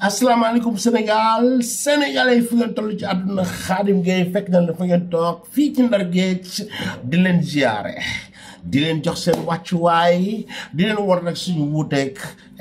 asalaamaaleykum Sénégal sénégalais fu ngeen toll ci àdduna Khadim Gueye fekk na ne fa ngeen toog fii ci Ndar Géej di leen ziyaare di leen jox seen wàccuwaay di leen war nag suñu wuuteeg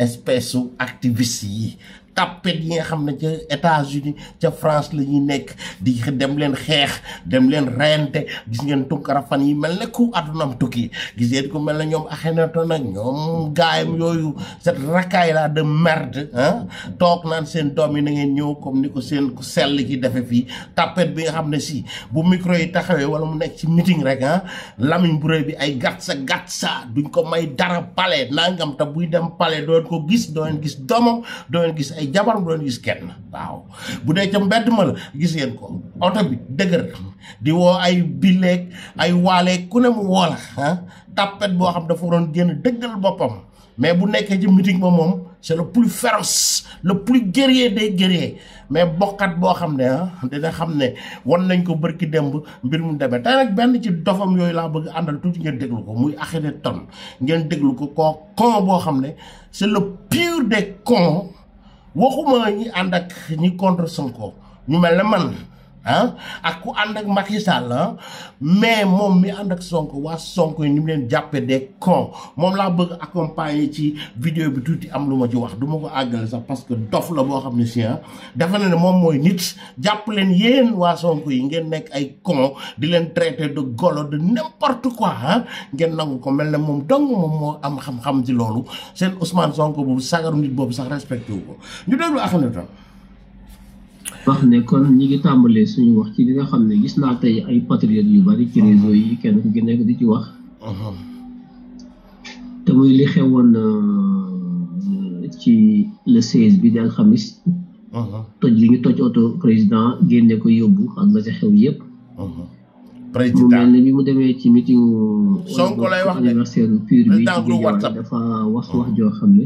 espèce activiste yi tapet yi nga xamne ci États-Unis ci France la ñuy nekk di dem leen xeex dem leen rente gis ngeen tunkara fan yi mel ne ku adunam tukki gis ngeen ku mel ne ñoom axenato nag ñoom gaayam yooyu cette racaille là de merde ah toog naan seen doom yi na ngeen ñëw comme ni ko seen ku sell ki defe fii tapet bi nga xam ne si bu micro yi taxawee wala mu nekk ci meeting rek ah lamiñ bu bi ay gatsa sa gàtt duñ ko may dara pale nangam te buy dem pale doon ko gis doon gis domam doon gis ay ay jabar bu doon waaw bu dee ca mbedd ma la gis ngeen ko oto bi dëgër di woo ay bileeg ay waaleeg ku ne mu woo la tàppet boo xam dafa doon génn dëggal boppam mais bu nekkee ci meeting ba moom c'est le plus féroce le plus guerrier des guerriers mais bokkat boo xam ne ah dina xam ne wan nañ ko bërki demb mbir mu demee tey nag benn ci dofam yooyu laa bëgg àndal tuuti ngeen déglu ko muy axire ton ngeen déglu ko koo con boo xam ne c'est le pire des cons waxuma ñi ànd ak ñi contre Sonko ñu mel ne man ah ak ku ànd ak Macky Sall ah, mais moom mi ànd ak sonk waa sonk yi ni mu leen jàppee des cons moom laa bëgg accompagner ci video bi tuuti am lu ma ci wax du ma ko àggale sax parce que dof la boo xam ne si ah. dafa ne ne moom mooy nit jàpp leen yéen waa sonk yi ngeen nekk ay cons di leen traité de golo de n'importe quoi ah ngeen nangu ko mel ne moom dong moom moo am xam-xam ci loolu seen Ousmane sonk boobu sagaru nit boobu sax respecté wu ko ñu déglu ak wax ne kon ñi ngi tàmbalee suñu wax ci li nga xam ne gis naa tey ay patriotes yu bari ci réseau yi kenn ku ci nekk di ci wax uh-huh. te muy li xewoon euh, ci le 16 bi di alxamis uh-huh. toj li ñu toj oto président génne ko yóbbu ak la ca xew yépp uh-huh. mu mel ne mu demee ci meeting Sonko lay wax anniversaire pur bi dafa wax wax joo xam ne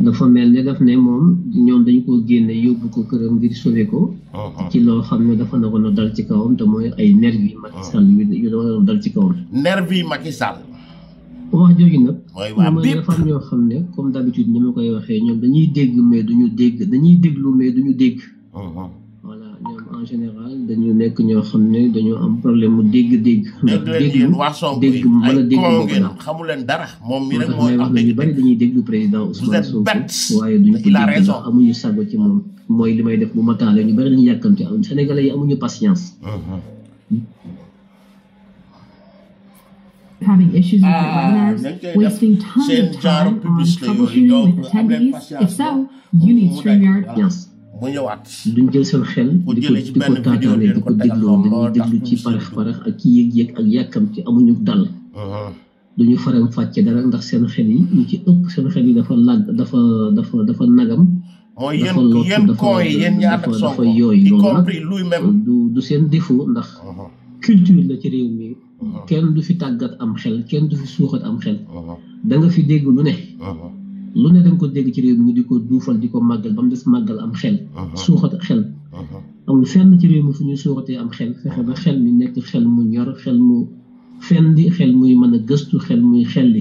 dafa mel ne daf ne moom ñoom dañu koo génne yóbbu ko këram ngir sauver ko. Uh-huh. ci loo xam ne dafa naroon a dal ci kawam te mooy ay nervi Macky Sall yu dafa naroon dal ci kawam. nervi Macky Sall. wax nag. waa bépp dafa am ñoo xam ne comme d'habitude ni ma koy waxee ñoom dañuy dégg mais du ñu dégg dañuy déglu mais duñu dégg. Uh-huh. en général dañu problème dégg-dégg. dégg dara mi rek président Ousmane Sonko having issues with the webinars, ah, wasting time with attendees? If so, you need StreamYard. mu duñ jël seen xel. bu jëlee ci benn vidéo di ko déglu dañuy déglu ci parax parax ak ci yëg-yëg ak yàkkam ci amuñu dal. Uh-huh. duñu faram fàccee dara ndax seen xel yi ñu ci ëpp seen xel yi dafa lag dafa dafa dafa nagam. mooy yéen yéen kooy yéen du du seen défaut ndax. Uh-huh. culture la ci réew mi. Uh-huh. kenn du fi tàggat am xel kenn du fi suuxat am xel. danga fi dégg lu ne. lu ne dañ ko dégg ci réew mi di ko duufal di ko màggal ba mu des màggal am xel suuxat xel amul fenn ci réew mi fu ñu suuxatee am xel fexe ba xel mi nekk xel mu ñor xel mu fendi xel muy mën a gëstu xel muy xelli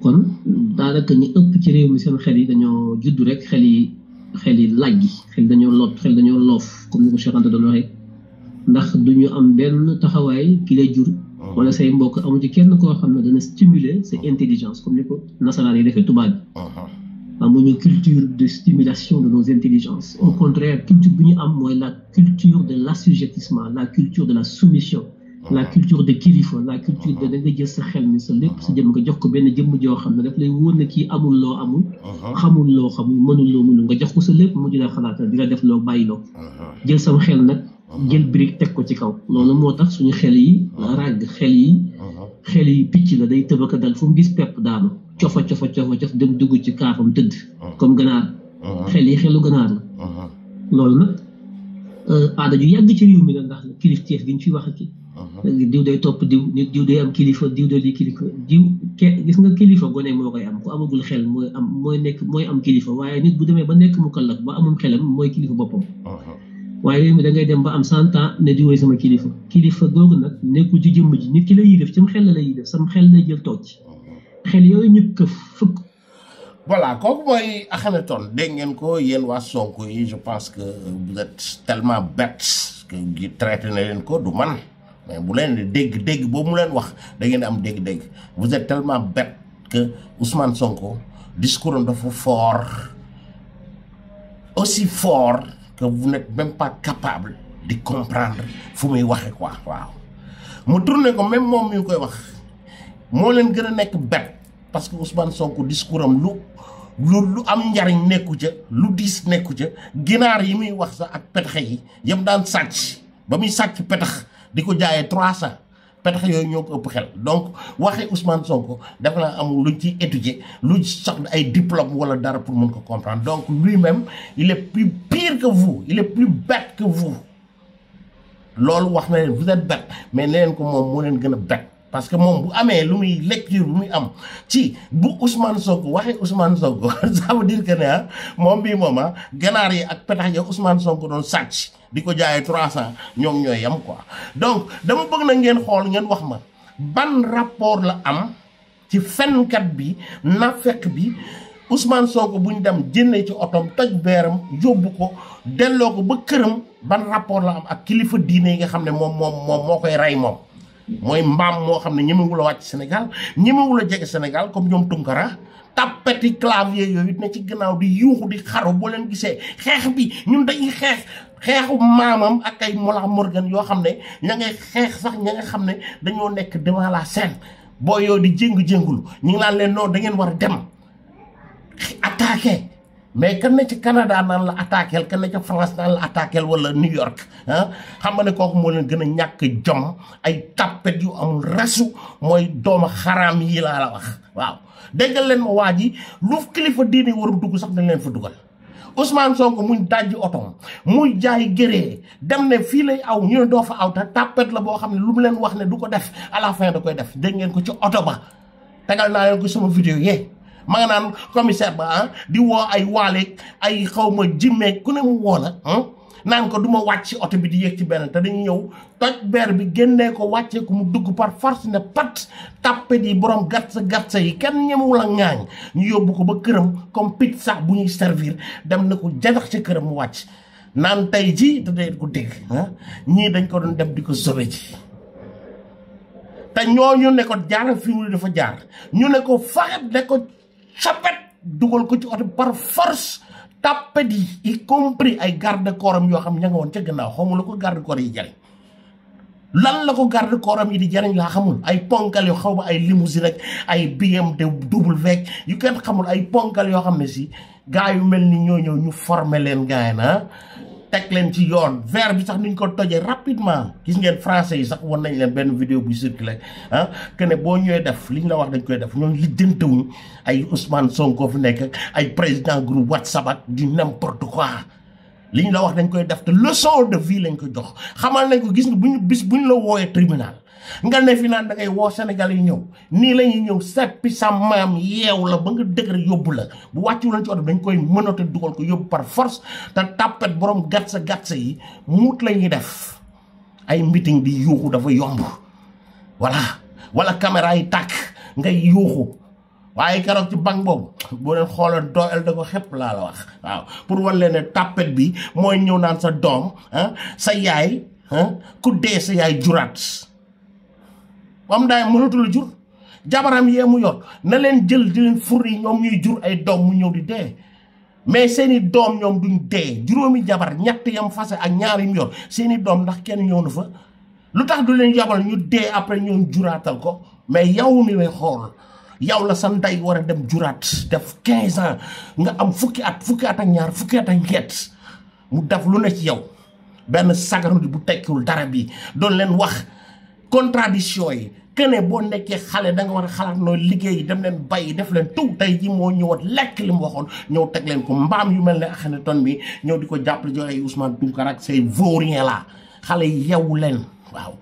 kon daanaka ñi ëpp ci réew mi seen xel yi dañoo judd rek xel yi xel yi lajji xel dañoo lot xel dañoo loof comme ni ko Cheikh Anta doon waxee ndax duñu am benn taxawaay ki lay jur wala say mbokk amu ci kenn koo xam ne dana stimuler sa ah. intelligence comme ni ko nasaraan yi defee tubaab bi ah, ah. amuñu culture de stimulation de nos intelligences au contraire culture bi ñu am mooy la culture de l'assujettissement la culture de la soumission la culture de kilifa la culture de da nga jël sa xel ni sa lépp sa jëm nga jox ko benn jëmm joo xam ne daf lay wóor ne kii amul loo amul xamul loo xamul mënul loo mënul nga jox ko sa lépp mu di la xalaatal di la def loo bàyyi loo jël sama xel nag jël brique teg ko ci kaw loolu moo tax suñu xel yi ràgg xel yi xel yi picc la day tëbaka dal fu mu gis pepp daanu cofa cofa cofa cof dem dugg ci kaafam tëdd comme ganaar xel yi xelu ganaar la loolu nag aada ju yàgg ci réew mi la ndax kilifteef gi ñu ci wax ci diw day topp diw nit diw day am kilifa diw day li kilifa diw gis nga kilifa gone moo koy am ku amagul xel mooy am mooy nekk mooy am kilifa waaye nit bu demee ba nekk mu kallak ba amum xelam mooy kilifa boppam waaye réew mi da ngay dem ba am cent ans ne di woy sama kilifa kilifa googu nag nekkul ci jëmm ji nit ki la def ci mu xel la yii def sama xel lay jël toog ci xel yooyu ñu këf fukk. voilà kooku mooy Akhenaton dégg ngeen ko yéen waa Sonko yi je pense que tellement bêtes que gi traité na leen ko du man mais bu leen di dégg dégg boobu mu leen wax da ngeen am dégg-dégg vous êtes tellement bêtes que Ousmane Sonko discours am dafa fort aussi fort. que vous n'êtes même pas capable de comprendre vous me waxe quoi waaw mu tourné ko même mom mi koy wax mo que vous nek parce que Ousmane Sonko discours am lu lu am neku lu neku ginar yi wax ak yi daan ba petax yooyu ñoo ko ëpp xel donc waxee Ousmane Sonko def naa amul luñ ciy étudier luñ soxla ay diplôme wala dara pour mën ko comprendre donc lui-même il est plus pire que vous il plus bête que vous loolu wax na leen vous êtes bête mais nee leen ko moom moo leen gën a bête parce que moom bu amee lu muy lecture bu muy am ci bu Ousmane Sonko waxee Ousmane Sonko ça veut dire ne ah moom bii moom ah ganaar yi ak petax ya Ousmane Sonko doon sàcc di jaay 300 ñom ñoy yam quoi donc dama bëgg na ngeen xol ngeen wax ma ban rapport la am ci kat bi nafek bi Ousmane Sonko buñ dem jenné ci otom toj bëram yóbbu ko delloo ko ba kërëm ban rapport la am ak kilifa diiné nga xamné mom mom mom mo koy ray mom moy mbam mo xamné ne wu la wacc Sénégal wu la jégg Sénégal comme ñom Tunkara tapeti clavier yooyu ne ci gënaaw di yuuxu di xaru bo leen gisé xex bi ñun dañuy xex xeexu maamam ak ay Mollah Morgan yoo xam ne ña xeex sax ña xam ne dañoo nekk devant laa scène boo yoo di jéngu-jéngulu ñu ngi naan leen noonu da ngeen war a dem attaqué mais kan na ci Canada la attaqué kan na ca France naan la attaqué wala New York xam nga ne kooku moo leen gën a ñàkk jom ay tappet yu amul resu mooy dooma xaraam yi laa la wax waaw déggal leen ma waa ji lu kilifa diine war a dugg sax dañ leen fu dugal Ousmane Sonko muñ dajji otom muy jaay géree dem ne fii lay aw ñu ne doo fa aw te tàppet la boo xam ne lu mu leen wax ne du ko def à la da koy def dégg ngeen ko ci oto ba tegal naa leen ko sama vidéo yee ma nga naan commissaire ba ah, di woo ay waaleeg ay xaw ma jimmeeg ku ne mu woo la ah. naan ko du ma wàcc oto bi di yéeg ci benn te dañu ñëw toj beer bi génnee ko wàccee ko mu dugg par force ne pat tàppet yi borom gatsa gatsa yi kenn ñemewul a ŋaañ ñu yóbbu ko ba këram comme sax bu ñuy servir dem na ko jajax ci këram mu wàcc naan tey ji te day ko dégg ah, ñii dañ ko doon dem di ko sobe ci te ñooñu ne ko jaaral fi mu dafa jaar ñu ne ko faxat ne ko sapet dugal ko ci oto par force tàppet yi y compris ay garde corps am yoo xam ña nga woon ca gannaaw xamu la ko garde corps yi jariñ lan la ko garde corps am yi di jariñ laa xamul ay ponkal yu xaw ma ay limousine rek ay BMW yu kenn xamul ay ponkal yoo xam ne si gaa yu mel ni ñoo ñëw ñu former leen gaay naa tek len ci yoon verre bi sax niñ ko toje rapidement gis ngeen français sax won nañ len ben vidéo bu circulé ah que ne bo ñoy def liñ la wax dañ koy def ñoom wu ay Ousmane Sonko fi nek ay président groupe WhatsApp ak di n'importe quoi liñ la wax dañ koy def te leçon de vie lañ koy jox xamal nañ ko gis nga buñ bis buñ la woyé tribunal nga ne fi naan da ngay woo sénégal yi ñëw nii la ñuy ñëw seppi sa maam yeew la ba nga dëgg rek yóbbu la bu wàccu lañ ci oto dañ koy mënata dugal ko yóbbu par force te tàppet borom gatsa gatsa yi muut la ñuy def ay meeting di yuuxu dafa yomb voilà wala caméra yi tàkk ngay yuuxu waaye keroog ci banque boobu boo leen xooloon doyal da ko xepp laa la wax waaw pour wan leen ne tàppet bi mooy ñëw naan sa doom ah, sa yaay ah, ku dee sa yaay juraat wam daay mënatul jur jabaram yee mu yor na leen jël di leen fur yi ñoom ñuy jur ay doom mu ñëw di dee mais seeni doom ñoom duñ dee juróomi jabar ñett yam fase ak ñaar yim yor seeni doom ndax kenn ñëw na fa lu tax du leen yabal ñu dee après ñoom juraatal ko mais yow mi way xool yow la sa ndey war a dem juraat def 15 nga am fukki at fukki at ak ñaar fukki at ak ñett mu def lu ne ci yow benn sagaru bu tekkiwul dara bi doon leen wax contradiction yi keneen boo nekkee xale da nga war a xalaat nooy liggéey dem leen bàyyi def leen taw tey ji moo ñëwaat lekk li mu waxoon ñëw teg leen ko mbaam yu mel ne ton bi ñëw di ko jàppale jox ay Ousmane Tounkara ak say vorien la xale yeewu leen waaw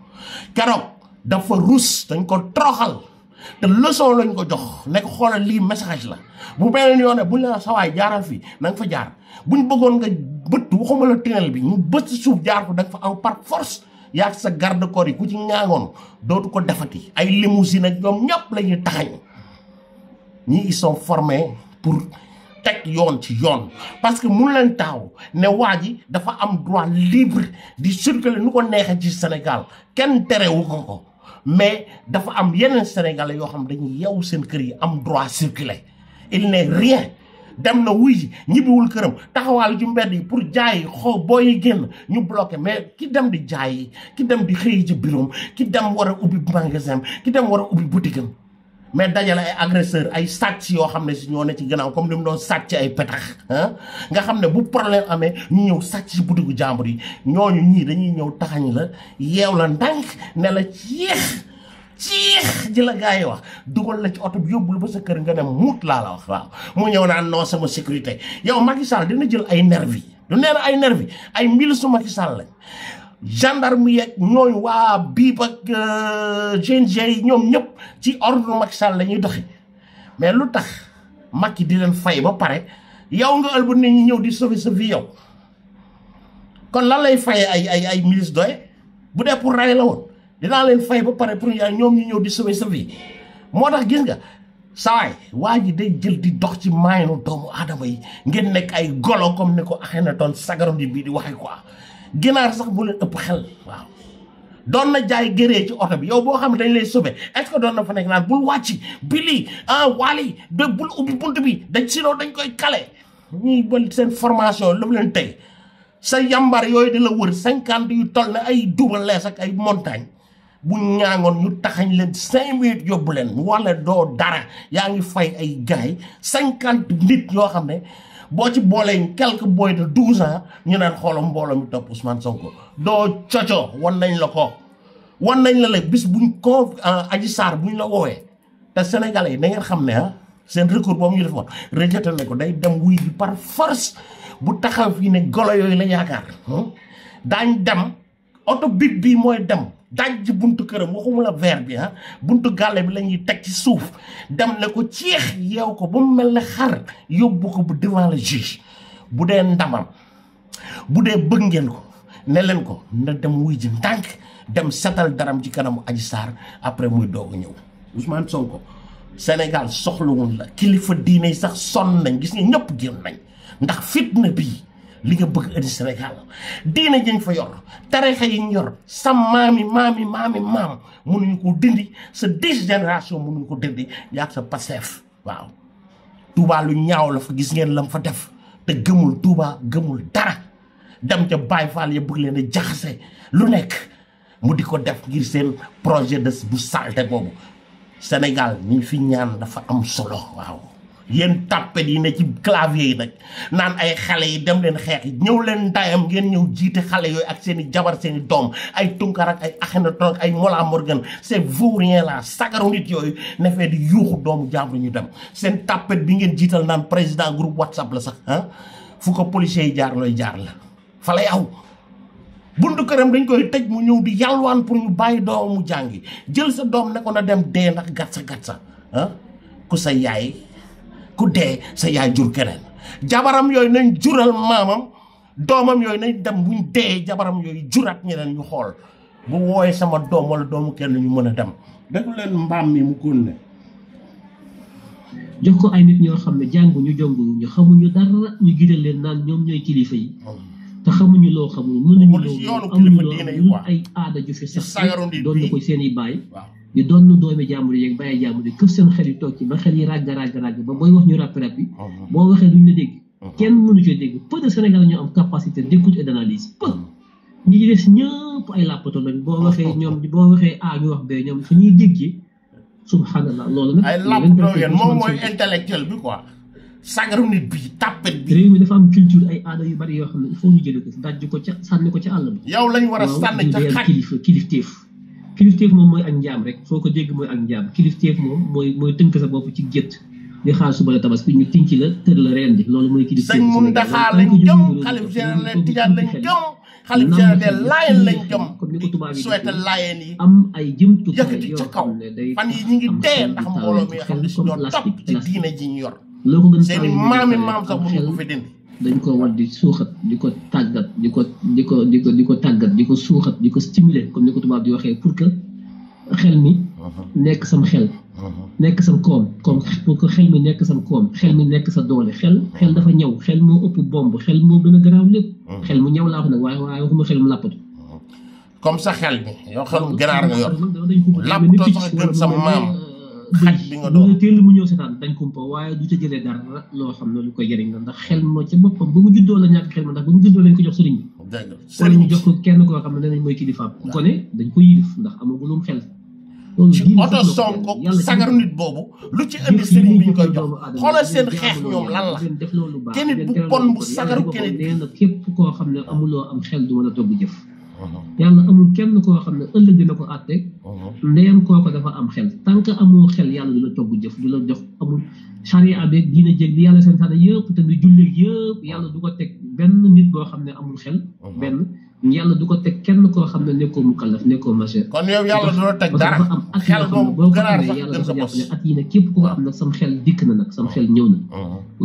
keroog dafa rus dañ ko troxal te leçon lañ ko jox nekk xoolal lii message la bu beneen yoon buñ la sawaay jaaral fii na nga fa jaar bu ñu bëggoon nga bët waxuma la bi ñu bët suuf jaar ko da fa aw par force sa garde corps yi ku ci ñaagoon dootu ko defati ay limousine ak ñoom ñëpp la ñuy taxañ ñi ils sont pour teg yoon ci yoon parce que mun leen taaw ne waa ji dafa am droit libre di circuler nu ko neexee ci senegal kenn terewu ko ko mais dafa am yeneen sénégalais yoo xam dañuy yeewu seen kër yi am droit circuler il ne rien dem na wuy ji ñibbiwul këram taxawaal ju mbedd yi pour jaay xoo booy yi génn ñu bloqué mais ki dem di jaay ki dem di xëy ji biroom ki dem war a ubbi magasin ki dem war a ubbi boutique am mais dajale ay agresseur ay sàcc yoo xam ne si ñoo ne ci gannaaw comme li mu doon sàcc ay petax nga xam ne bu problème amee ñu ñëw sàcc si butigu jàmbur yi ñooñu ñii dañuy ñëw taxañ la yeew la ndànk ne la ciix ciix ji la yi wax dugal la ci oto bi yóbbul ba sa kër nga ne muut laa la wax waaw mu ñëw naan non sama sécurité yow Macky Sall dina jël ay nervi du nee na ay nervi ay milisu Macky Sall lañ gendarme yek ñoy wa biib ak GNG euh, yi ñoom ñëpp ci ordre Macky Sall la ñuy mais lutax tax Macky di len fay ba pare yow nga albu nit ñi ñëw di sauver sa vie yow kon lan lay fay ay ay ay milice doy bu dé pour ray la woon dinaa len fay ba pare pour ya ñoom ñu ñëw di sauver sa vie motax gis nga sawaay waji day jël di dox ci mayenu doomu adamay ngeen nek ay golo comme ne ko axena ton sagaram di bi di waxe quoi ginaar sax bu leen ëpp xel waaw doon na jaay géree ci oto bi yow boo xam ne dañ lay sauver est doon na fa nekk naan bul wàcc bili ah waali de bul ubbi bunt bi dañ sinon dañ koy kale ñu bël seen formation lu leen tey sa yambar yooyu di la wër cinquante yu toll na ay Double Less ak ay montagne bu ñaangoon ñu taxañ leen cinq minutes yóbbu leen wala doo dara yaa ngi fay ay gaay cinquante nit yoo xam ne boo ci boolee quelques boy de douze ans ñu naan xoolom mbooloo mi topp Ousmane Sonko doo coco wan nañ la ko wan nañ la la bis buñ ko euh, Adji bu ñu la woowee te sénégalais yi da ngeen xam ne ah seen recours boobu ñu def woon rejeté na ko day dem wuy bi par force bu taxaw fii ne golo yooyu la yaakaar hmm? daañ dem oto bip bii mooy dem dajj buntu këram waxumu la verre bi ah buntu gàlle bi la ñuy teg ci suuf dem ne ko ceex yeew ko ba mu mel ne xar yóbbu ko bu devant le juge bu dee ndamam bu dee bëgg ngeen ko ne ko nda dem wuy ji ndànk dem setal daram ci kanamu aj Sarr après muy doog a ñëw Ousmane Sonko Sénégal soxlawul la kilifa diine sax sonn nañ gis nga ñëpp génn nañ ndax fitna bii li nga bëgg indi Sénégal diine ji fa yor tarixa yi yor yor sa maami maami maami maam mënuñu koo dindi sa dix génération mënuñu ko dindi yaag sa Pastef waaw Touba lu ñaaw la fa gis ngeen lam fa def te gëmul tuubaa gëmul dara dem ca Baye Fall ya bëgg leen a jaxase lu nekk mu di ko def ngir seen projet de bu salte boobu Sénégal ñu fi ñaan dafa am solo waaw yéen tàppet yi ne ci clavier yi nag naan ay xale yi dem leen xeex yi ñëw leen ndayam ngeen ñëw jiite xale yooyu ak seen i jabar seen i doom ay tunkar ak ay Akhenaton ay Mola Morgan c'est vaurien la sagaru nit yooyu ne fee di yuuxu doomu jàmbur ñu dem seen tàppet bi ngeen jiital naan président groupe whatsapp la sax ah fu ko policiers yi jaar looy jaar la fa lay aw buntu këram dañ koy tëj mu ñëw di yalwaan pour ñu bàyyi doom mu jàngi jël sa doom ne ko na dem dee ndax gatsa gatsa ah ku sa yaay ku dee sa yaay jur keneen jabaram yooyu nañ jural maamam doomam yooyu nañ dem buñ dee jabaram yooyu juraat ñeneen ñu xool bu wooyee sama doom wala doomu kenn ñu mën a dem déglu mbaam mi mu góon ne jox ko ay nit ñoo xam ne jànguñu jongu ñu xamuñu dara ñu gidal leen naan ñoom ñooy kilifa yi te xamuñu loo xamul mënuñu loo amuñu loo ay aada ju fi sax doon na ko seeni i baay ñu doon doomi jàmbur yeeg bàyyi jàmbur yi këf seen xel yi toog ci ba xel yi ràgg ràgg ràgg ba booy wax ñu rap rap yi boo waxee duñ la dégg kenn mënu cee dégg peu de sénégal ñu am capacité d'écoute et d'analyse peu ñi ci des ñëpp ay làppato lañ boo waxee ñoom boo waxee a ñu wax bee ñoom fu ñuy subhanallah loolu nag ay làppato yéen moom mooy intellectuel bi quoi sagaru nit bi tapet bi réew mi dafa am culture ay aada yu bari yoo xam ne il faut ñu jëlee ko dajj ko ca sànni ko ca àll bi yow lañ war a sànni ca xaj kilifteef kilifteef moom mooy ak njaam rek foo ko dégg mooy ak njaam kilifteef moom mooy mooy tënk sa bopp ci gétt di xaar suba la tabaski ñu tinc la tër la reen di loolu mooy kilifteef sëñ Muntaxa lañ jëm xalif jëm xalif général Laayeen lañ jëm souhaital yi am ay jëmtukaay yëkkati ca kaw fan yi ñu ngi dee ndax mbooloo mi nga xam ne si ñoo topp ci diine ji ñu yor seeni maami maam sax mënuñu ko fi dindi dañ ko war di suuxat di ko tàggat di ko di ko di ko di ko tàggat di ko suuxat di ko stimuler comme ni ko tubaab di waxee pour que xel mi uh-huh. nekk sam xel uh-huh. nekk sam koom koom pour que xel mi nekk sam koom xel mi nekk sa doole xel xel dafa ñaw xel moo ëpp bomb xel moo gën a garaaw lépp uh-huh. xel mu ñaw laa wax nag waaye waaye waxuma xel mu làppatu comme sa xel bi yow xelum ganaar nga yor làppatoo sax gën sa maam xaj bi nga doon teel mu ñëw seetaan dañ kumpa waaye du ca jëlee dara loo xam ne lu koy jëriñ la ndax xel ma ca boppam ba mu juddoo la ñàkk xel ma ndax ba mu juddoo lañ ko jox sëriñ bi ko kenn koo xam ne danañ mooy kilifaam gone dañ ko yilif ndax amagulum xel ci oto sonko sagar nit boobu lu ci indi sëriñ bi ñu koy jox xoolal seen xeex ñoom lan la kenn bu bon bu kenn koo xam ne amuloo am xel du mën a togg jëf yàlla amul kenn koo xam ne ëllëg dina ko àtte ndeyam kooko dafa am xel tant que amoo xel yàlla du la togg jëf du la jox amul charia beeg diina jéeg li yàlla seen tànn yëpp te ni julleeg yëpp yàlla du ko teg benn nit boo xam ne amul xel benn yàlla du ko teg kenn koo xam ne nekkoo mu kallaf nekkoo majeur kon yow yàlla du la teg dara am at xel boobu boo ko amee yàlla dafa jàpp ne at yi nag képp koo am nag sam xel dikk na nag sam xel ñëw na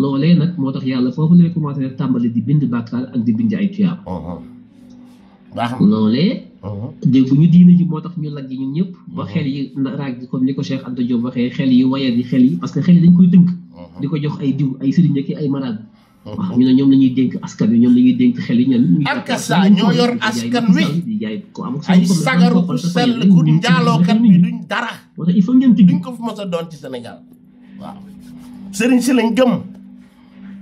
loolee nag moo tax yàlla foofu lay commencé tàmbali di bind bàkkaar ak di bind ay tuyaab baax na loolee. Uh-huh. dégguñu diine ji moo tax ñu lagg ñun ñëpp. ba uh-huh. xel yi raag comme ni ko Cheikh Anta Diop waxee xel yi wayal yi xel yi parce que xel yi dañ koy tënk. Uh-huh. di ko jox ay diw ay sëriñ ak ay maraab. waaw ñu ne ñoom la ñuy dénk ñoom la ñuy dénk xel yi ñoom. arkasa ñoo yor askan wi ay sagaru sell ku njaalookat bi duñ dara. moo tax il faut ngeen ko fu mos a doon ci Sénégal waaw. sëriñ si lañ gëm.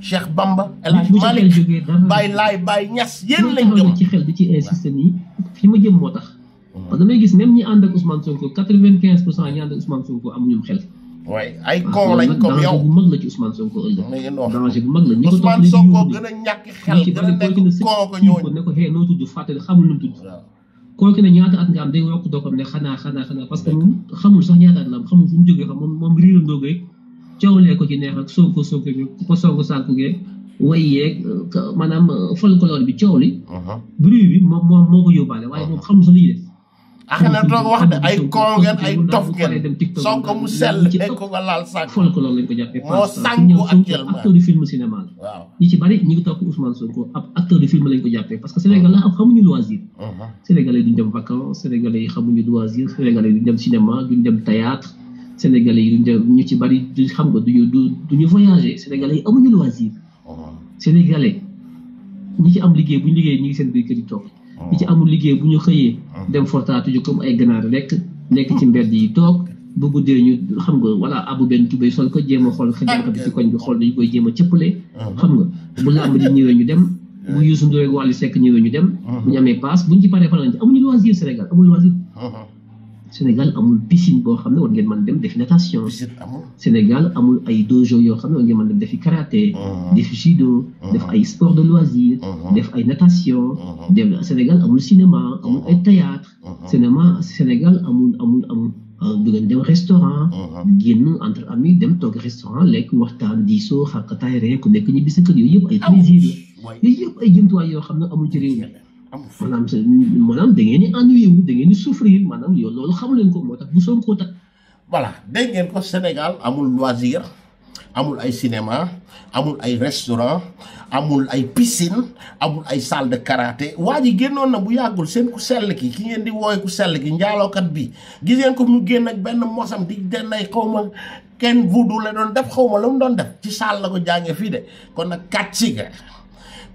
Cheikh Bamba El Hadj Malick uh-huh. Baye Laay Baye Niass yéen lañ jëm ci xel di ci insisté nii fi ma jëm moo tax mm-hmm. parce damay gis même ñi ànd ak Ousmane Sonko ñi ànd ak Ousmane Sonko amuñu xel waay ay koo lañ la ci Ousmane Sonko mag la ñi ko a ñàkk xel gën a nekk koo ko ñooñu ne ko xee noo tudd fàttali xamul nu mu tudd kooku ne ñaata at nga am day wokk dookam ne xanaa xanaa xanaa parce xamul sax ñaata at la am xamul fu mu jógee xam moom moom riirandoo rek coowlee ko ci neex ak sonko sonko bi ku ko sonko sànku geeg way euh, euh, bi coow li uh-huh. bruit bi moom moom moo ko yóbbaale waaye moom xam sa liy def axana ah, toog wax de film cinéma la waaw ñi ci bari ñi ngi topp Ousmane que sénégalais am xamuñu loisir uh-huh. sénégalais duñ dem vacances sénégalais yi xamuñu loisir sénégalais duñ dem cinéma duñ dem théâtre sénégalais yi ñu ci bari du xam nga du ñu voyager sénégalais yi amuñu loisir oh. sénégalais ñi ci am liggéey bu ñu liggéey ñi ngi seen biir yi toog oh. ñi ci amul liggéey bu ñu xëyee oh. dem fortaatu ju comme ay ganaar lekk nekk ci mbedd yi toog bu guddee ñu xam nga voilà abu benn tubéy sol ko jéem a xool xëjaka ah. bi xool dañu koy jéem a le ah. xam nga bu làmb di ñëwee ñu dem bu Youssou Ndour ak sekk Seck ñëwee ñu dem ah. bu ñu amee paas buñ ci paree fa lañ ci amuñu loisir Sénégal amul loisir Sénégal amul piscine boo xam ne war ngeen mën dem defi natation. Sénégal amul ay dojo yoo xam ne war ngeen mën dem defi karaté. Mmh. defi judo. Mmh. def ay sport de loisir. Mmh. def ay natation. dem Sénégal amul cinéma amul ay théâtre. cinéma Sénégal amul amul amul. Euh, du ngeen dem restaurant. génn entre amis dem toog restaurant lekk waxtaan diisoo xàqataay ree ku nekk ñibbi sa kër yooyu yëpp ay plaisir la. yooyu yëpp ay jëmtuwaay yoo xam ne amul ci réew mi. amul maanaam seen maanaam da ngeen di ennuyé wu da ngeen di souffrir maanaam yow loolu xamu leen ko moo tax bu Sonko tak voilà dégg ngeen ko Sénégal amul loisir amul ay cinéma amul ay restaurant amul ay piscine amul ay salle de karaté waa ji génnoon na bu yàggul seen ku sell ki ki ngeen di wooy ku sell ki njaalookat bi gis ngeen ko mu génn ak benn mosam di den ay xawma kenn voodoo la doon def xaw ma la mu doon def ci salle la ko jàngee fii de kon nag kàcci ga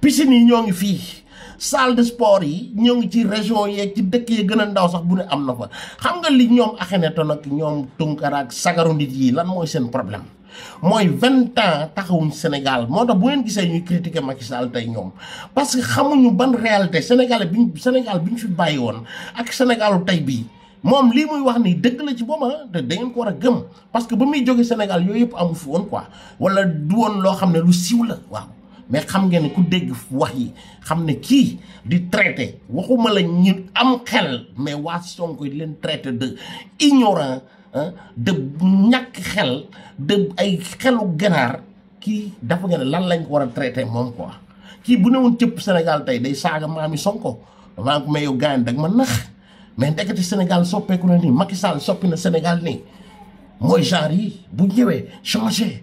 yi ñoo fii salle de sport yi ñoo ngi ci région yeeg ci dëkk yi gën a ndaw sax bu ne am na fa xam nga li ñoom Akhenaton ak ñoom Tounkara ak sagaru nit yi lan mooy seen problème mooy vingt ans taxawuñ Sénégal moo tax bu ngeen gisee ñuy critiquer Macky Sall tey ñoom parce que xamuñu ban réalité Sénégal bi ñu Sénégal bi ñu fi bàyyi woon ak Sénégalu tey bii moom lii muy wax nii dëkk la ci booma te da ngeen ko war a gëm parce que ba muy jóge Sénégal yooyu yëpp amu fi woon quoi wala du woon loo xam ne lu siiw la waaw. mais xam ngeen ku dégg wax yi xam ne kii di traité waxuma la am xel mais waa sonk di leen traité de ignorant de ñàkk xel de ay xelu ganaar kii dafa ngeen lan lañ ko war a traité moom quoi kii bu newoon cëpp Sénégal tey day saaga maam maami Sonko maa ngi may yow gaañ dag ma nax mais ndekete Sénégal soppeeku na nii Macky Sall soppi na Sénégal nii mooy genre yi bu ñëwee changé.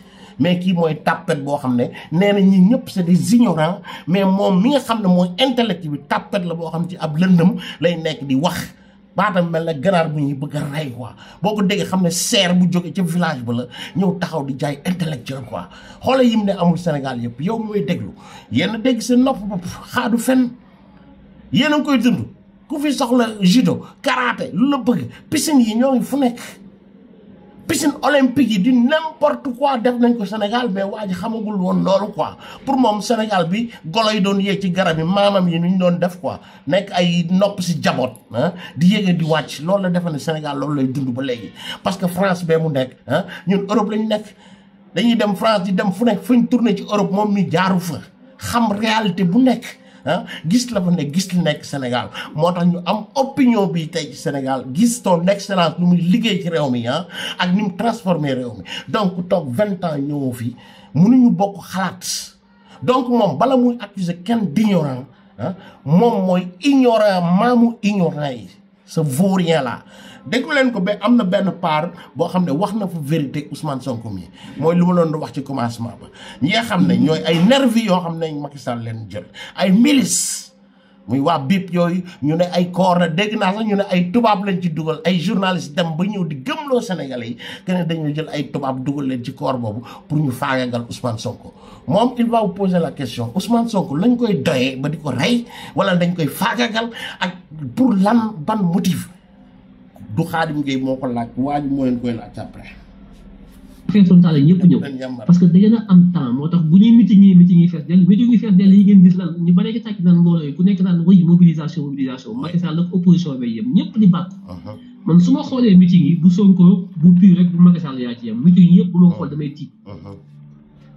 mais kii mooy tàppet boo xam ne nee na ñi ñëpp c'est des ignorants mais moom mi nga xam ne mooy intellect bi tàppet la boo xam ne ci ab lëndëm lay nekk di wax baatam mel na ganaar bu ñuy bëgg a rey quoi boo ko dégg xam ne seer bu jóge ca village ba la ñëw taxaw di jaay intellectuel quoi xoolal yim ne amul Sénégal yëpp yow mooy déglu yenn dégg seen nopp bopp xaadu fenn yéen a ngi koy dund ku fi soxla judo karaté lu la bëgg piscine yi ñoo ngi fu nekk piscine olympique yi di n'importe quoi def nañ ko Sénégal mais waa xamagul woon loolu quoi pour moom Sénégal bi golo yi doon yéeg ci garab yi maamam yi ni ñu doon def quoi nekk ay nopp si jaboot ah di yéeg di wàcc loolu la defe ne loolu lay dund ba léegi parce que France bee mu nekk ah ñun Europe lañu nekk dañuy dem France di dem fu nekk fuñ tourné ci Europe moom ñu jaaru fa xam réalité bu nekk Hein? gis la fa Sénégal moo ñu opinion bi Sénégal gis ton excellence lu muy liggéey ci réew mi hein? ak ni mu donc ans fi mënuñu bokk donc moom bala muy accuser d'ignorant hein? moom mooy ignorant ignorant vaurien là déglu leen ko ba am na benn part boo xam ne wax na fa vérité Ousmane Sonko mi mooy lu ma doon wax ci commencement ba ñi nga xam ne ñooy ay nervi yoo xam ne Macky Sall leen jël ay milis muy waa BIP yooyu ñu ne ay corps la dégg naa sax ñu ne ay tubaab lañ ci dugal ay journaliste dem ba ñëw di gëmloo Sénégalais yi que ne dañoo jël ay tubaab dugal leen ci koor boobu pour ñu faagagal Ousmane Sonko moom il va vous la question Ousmane Sonko lañ koy doyee ba di ko rey wala dañ koy faagagal ak pour lan ban motif. du Xaadim Gueye moo ko laaj waaju moo leen koy laaj ñëpp ñëw parce que da ngeen a am temps moo tax bu ñuy meeting yi meeting yi fees dell meeting yi fees dell ngeen gis lan ñu bare ci tàcc naan mbooloo yi ku nekk naan wëy mobilisation mobilisation Macky Sall ak opposition bi yem ñëpp di bàkk uh-huh. man su ma xoolee meeting yi bu Sonko bu pur rek bu Macky Sall yaa ci yem meeting yi yëpp bu ma uh-huh. xool damay tiit uh-huh.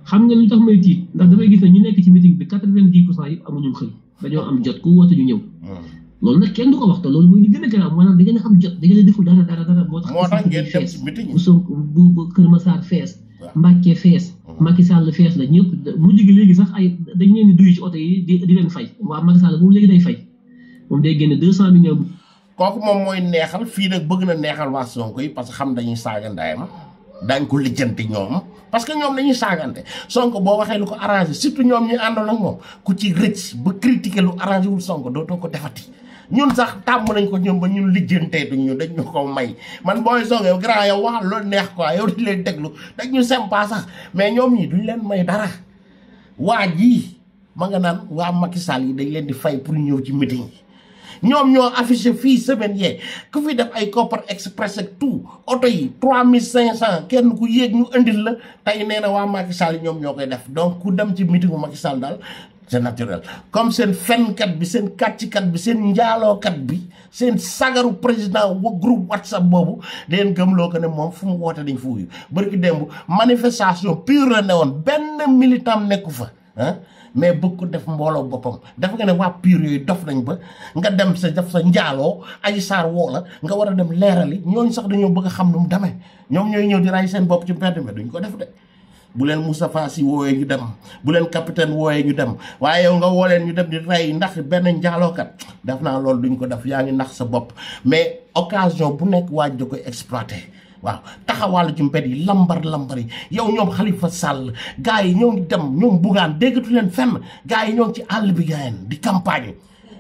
xam nga lu tax may tiit ndax damay gis ne ñu nekk ci meeting bi quatre-vingt-dix pour cent yëpp amuñu xëy dañoo am jot ku woote ñu loolu nag kenn du ko wax te loolu mooy li gën a garaaw maanaam a xam jot da a deful dara dara dara moo tax. moo tax Sall fees la ñëpp mu jigi léegi sax ay dañ leen di duy ci di leen fay waa Macky Sall moom day fay moom day génne deux cent millions. kooku moom mooy neexal fii nag bëgg na neexal waa Sonko yi parce que xam dañuy saaga ma daañ ko lijjanti ñoom parce que ñoom dañuy saagante Sonko boo waxee lu ko arrangé surtout ñoom ñuy àndoon ak moom ku ci rëcc ba critiquer lu arrangé wul Sonko dootoo ko defati ñun sax tàmm nañ ko ñoom ba ñun lijjantee duñ ñu dañ ñu ko may man booy Song yow grand yow waxal loolu neex quoi yow di leen déglu dañ ñu sympa sax mais ñoom ñi duñu leen may dara waa jii ma nga naan waa Macky Sall yi dañ leen di fay pour ñëw ci meeting yi ñoom ñoo affiché fii semaine yee ku fi def ay Kopar Express ak tout oto yi trois mille cinq cent kenn ku yéeg ñu indil la tey nee na waa Macky Sall ñoom ñoo koy def donc ku dem ci meetingu Macky Sall daal c'est naturel comme seen fenkat bi seen kàccikat bi seen njaalookat bi seen sagaru président wa groupe whatsapp boobu gëm loo ko ne moom fu mu woote dañ fu wuyu bari ki démb manifestation pure la ne woon benn militant nekku fa ah mais bëgg ko def mbooloo boppam dafa nga ne waa pure yooyu dof nañ ba nga dem sa def sa njaaloo aji saar woo nga war a dem leerali ñooñu sax dañoo bëgg a xam nu mu demee ñoom ñooy ñëw di ray seen bopp ci mbedd mi duñ ko def de bu leen Moustapha Sy wooyee ñu dem bu leen capitaine wooyee ñu dem waaye yow nga woo leen ñu dem di rey ndax benn kat def naa loolu duñ ko def yaa ngi ndax sa bopp mais occasion bu nekk waaj da koy exploité waaw taxawaalu ci mbedd yi lambar lambar yi yow ñoom xalifa Sall gars yi ñoo ngi dem ñoom bugaan déggatu leen fenn gars yi ñoo ngi ci àll bi yi di campagne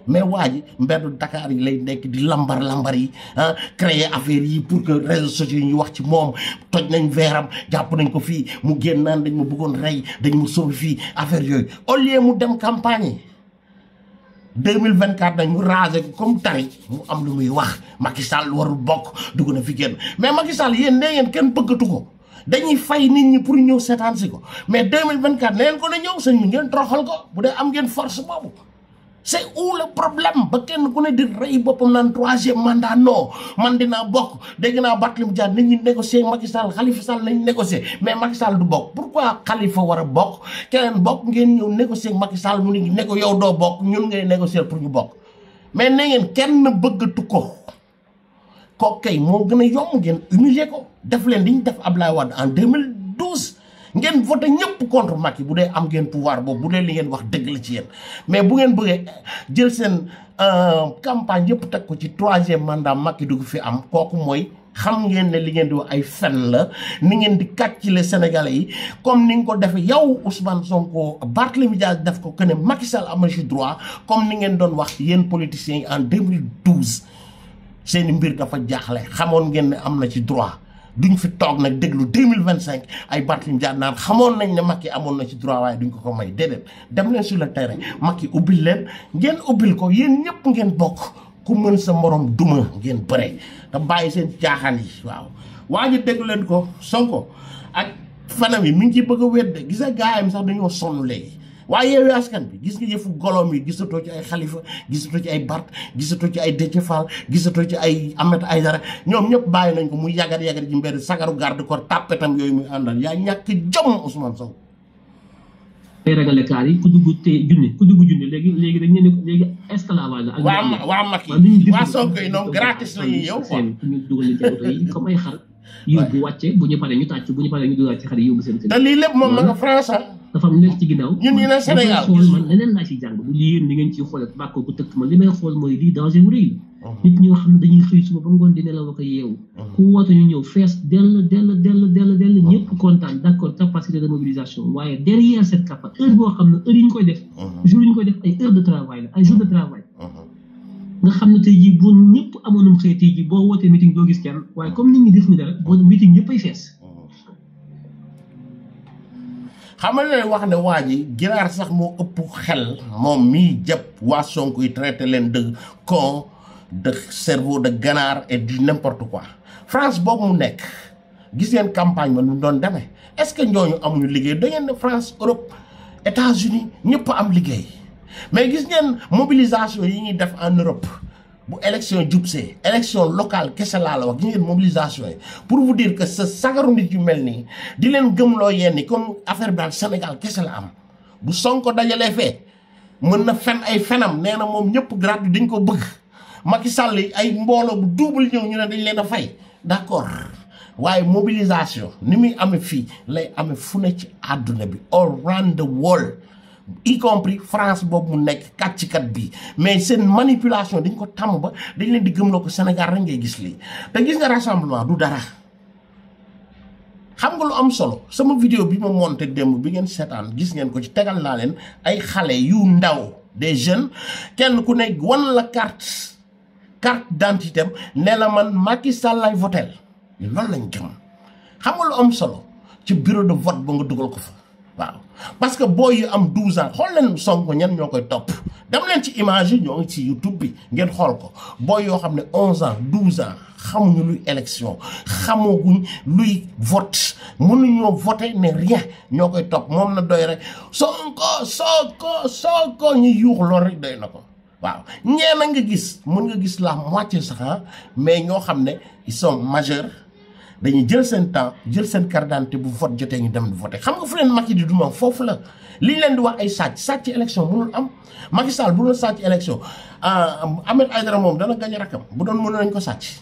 mais waji ji mbeddu Dakar yi lay nek di lambar lambar yi hein ah, créer affaire yi pour que réseaux sociaux yi ñu wax ci mom toj nañ véram japp nañ ko fi mu genn nan dañ mu bëggon ray dañ mu sobi fi affaire yoy au lieu mu dem campagne 2024 nag mu rasé ko comme tari mu am lu muy wax Macky Sall waru bok dugg na fi genn mais Macky Sall yéen nee ngeen kenn bëggatu ko dañuy fay nit ñi pour ñëw seetaan ci ko mais 2024 nee ko na ñëw sëñ bi ngeen troxal ko bu dé am ngeen force bobu c'est où le problème ba kenn ku ne di rey boppam naan troisième mandat non man dinaa bokk dégg naa Barthélémy Dias nañu négocier Macky Sall Khalifa Sall nañu négocier mais Macky Sall du bokk pourquoi Khalifa war a bokk keneen bokk ngeen ñëw négocier Macky Sall mu ne ko yow doo bokk ñun ngay négocier pour ñu bokk mais na ngeen kenn bëggatu ko kooku kay moo gën a yomb ngeen humilier ko def leen li ñu def Ablaye Wade en 2012 ngeen voter ñepp contre Macky bu dé am ngeen pouvoir bo bu dé li ngeen wax dëgg la ci yeen mais bu ngeen bëggee eh, jël sen euh campagne yëpp tek ko ci 3e mandat Macky dugg fi am koku moy xam ngeen ne li ngeen di wax ay fen la ni ngeen di le sénégalais yi comme ni nga ko defee yow Ousmane Sonko Barthélemy Diaz def ko que ne Macky Sall am na ci droit comme ni ngeen doon wax yeen politiciens en 2012 seen mbir dafa jaxlé xamone ngeen ne am na ci droit. duñ fi toog nag déglu deux mille vingt cinq ay Barthélémy Dias naan xamoon nañ ne Macky amoon na ci droit waaye duñ ko ko may déedéet dem su la le terrain Macky ubbil leen ngeen ubbil ko yéen ñëpp ngeen bokk ku mën sa moroom duma ngeen bëre te bàyyi seen caaxaan yi waaw. waa ji déglu leen ko Sonko ak fanam yi mi ngi ciy bëgg a wedd gis nga gaayam sax dañoo sonn léegi. waaye Yewwi Askan bi gis nga yëfu goloom yi gisatoo ci ay Khalifa gisatoo ci ay Bart gisatoo ci ay Déthié gisatoo ci ay ay dara ñoom ñëpp bàyyi nañ ko muy yagar yagar ji mbedd sagaru garde corps tàppetam yooyu muy àndal yaa ñàkk jom Ousmane Sow day ragale kaar yi ku dugg te junni ku dugg junni léegi léegi dañ ne léegi esclavage la waa waa mag yi waa Sonko yi noonu gratis la yow quoi ñu dugal ni ci oto yi comme ay xar bu ñu paree ñu tàcc bu ñu paree ñu dugal ci xar yi yóbbu seen te lii lépp dafa am nekk ci ginnaaw. ñun ñu ne ngeen ciy xool bàkkoo bu tëkk man li may xool mooy lii danger bu rëy la. Mhm. nit ñi nga xam ne di nelaw ko yeewu. Mhm. ñu ñëw fees dell dell dell dell dell mhm. ñëpp kontaan d' accord capacité de mobilisation waaye derrière cette capacité heure boo xam ne heure yi ñu def. jour yi ñu def ay heure xam ne tey jii bu ñëpp amoonum xëy tey jii boo wootee meeting doo gis kenn waaye comme nit ñi def ñu dara meeting ñëpp fees xam nga wax ne waa ji ginaar sax moo ëpp xel moom mii jëpp waa Sonko yi traité leen de con de cerveau de ganaar et du n'importe quoi France boobu mu nekk gis ngeen campagne ba nu doon demee est-ce que ñooñu amuñu liggéey da ngeen ne France Europe États-Unis ñëpp am liggéey mais gis ngeen mobilisation yi ñuy def en Europe bu élection jub see élection locale kese laa la wax gi mobilisation pour vous dire que ce sagaru nit yu melni di len gëm lo yenni comme affaire dans daal Sénégal qu'est-ce la am bu Sonko dajalee fee mën na fen ay fenam nee na moom ñëpp gratuit dañ ko bëgg Macky Sall ay mbolo bu double ñew ñu ne dañ leen fay d'accord waye mobilisation ni mi amee fi lay amee fu ne ci aduna bi all round the world y compris France bobu mu nek kat ci kat bi mais sen manipulation dañ ko tam ba dañ leen di gëmloo ko Sénégal rek ngay gis li te gis nga rassemblement du dara xam nga lu am solo sama vidéo bi ma monté dem bi ngeen sétane gis ngeen ko ci tegal naa leen ay xalé yu ndaw des jeunes kenn ku nek wan la carte carte d'identité né la man Macky Sall lay lañ gëm xam nga lu am solo ci bureau de vote ba nga duggal ko fa parce que boy yu am 12 ans xool leen ñen Vous koy dem leen ci image yi ñoo ngi ci YouTube bi ngeen ko 11 ans 12 ans xamuñu luy élection xamaguñ luy vote mënuñoo voter ne rien doy rek Sonko Sonko Sonko na ko waaw gis gis la moitié sax ah, mais ils sont majeurs dañuy jël seen temps jël seen carte d'identité bu vote jotee ñu dem voté xam nga fu leen Macky di duma foofu la li leen di ay sàcc sàcc élection mënul am Macky Sall bu doon sàcc élection ah, Ahmed Aïdara moom dana gañ rakam bu doon mënoon nañ ko sàcc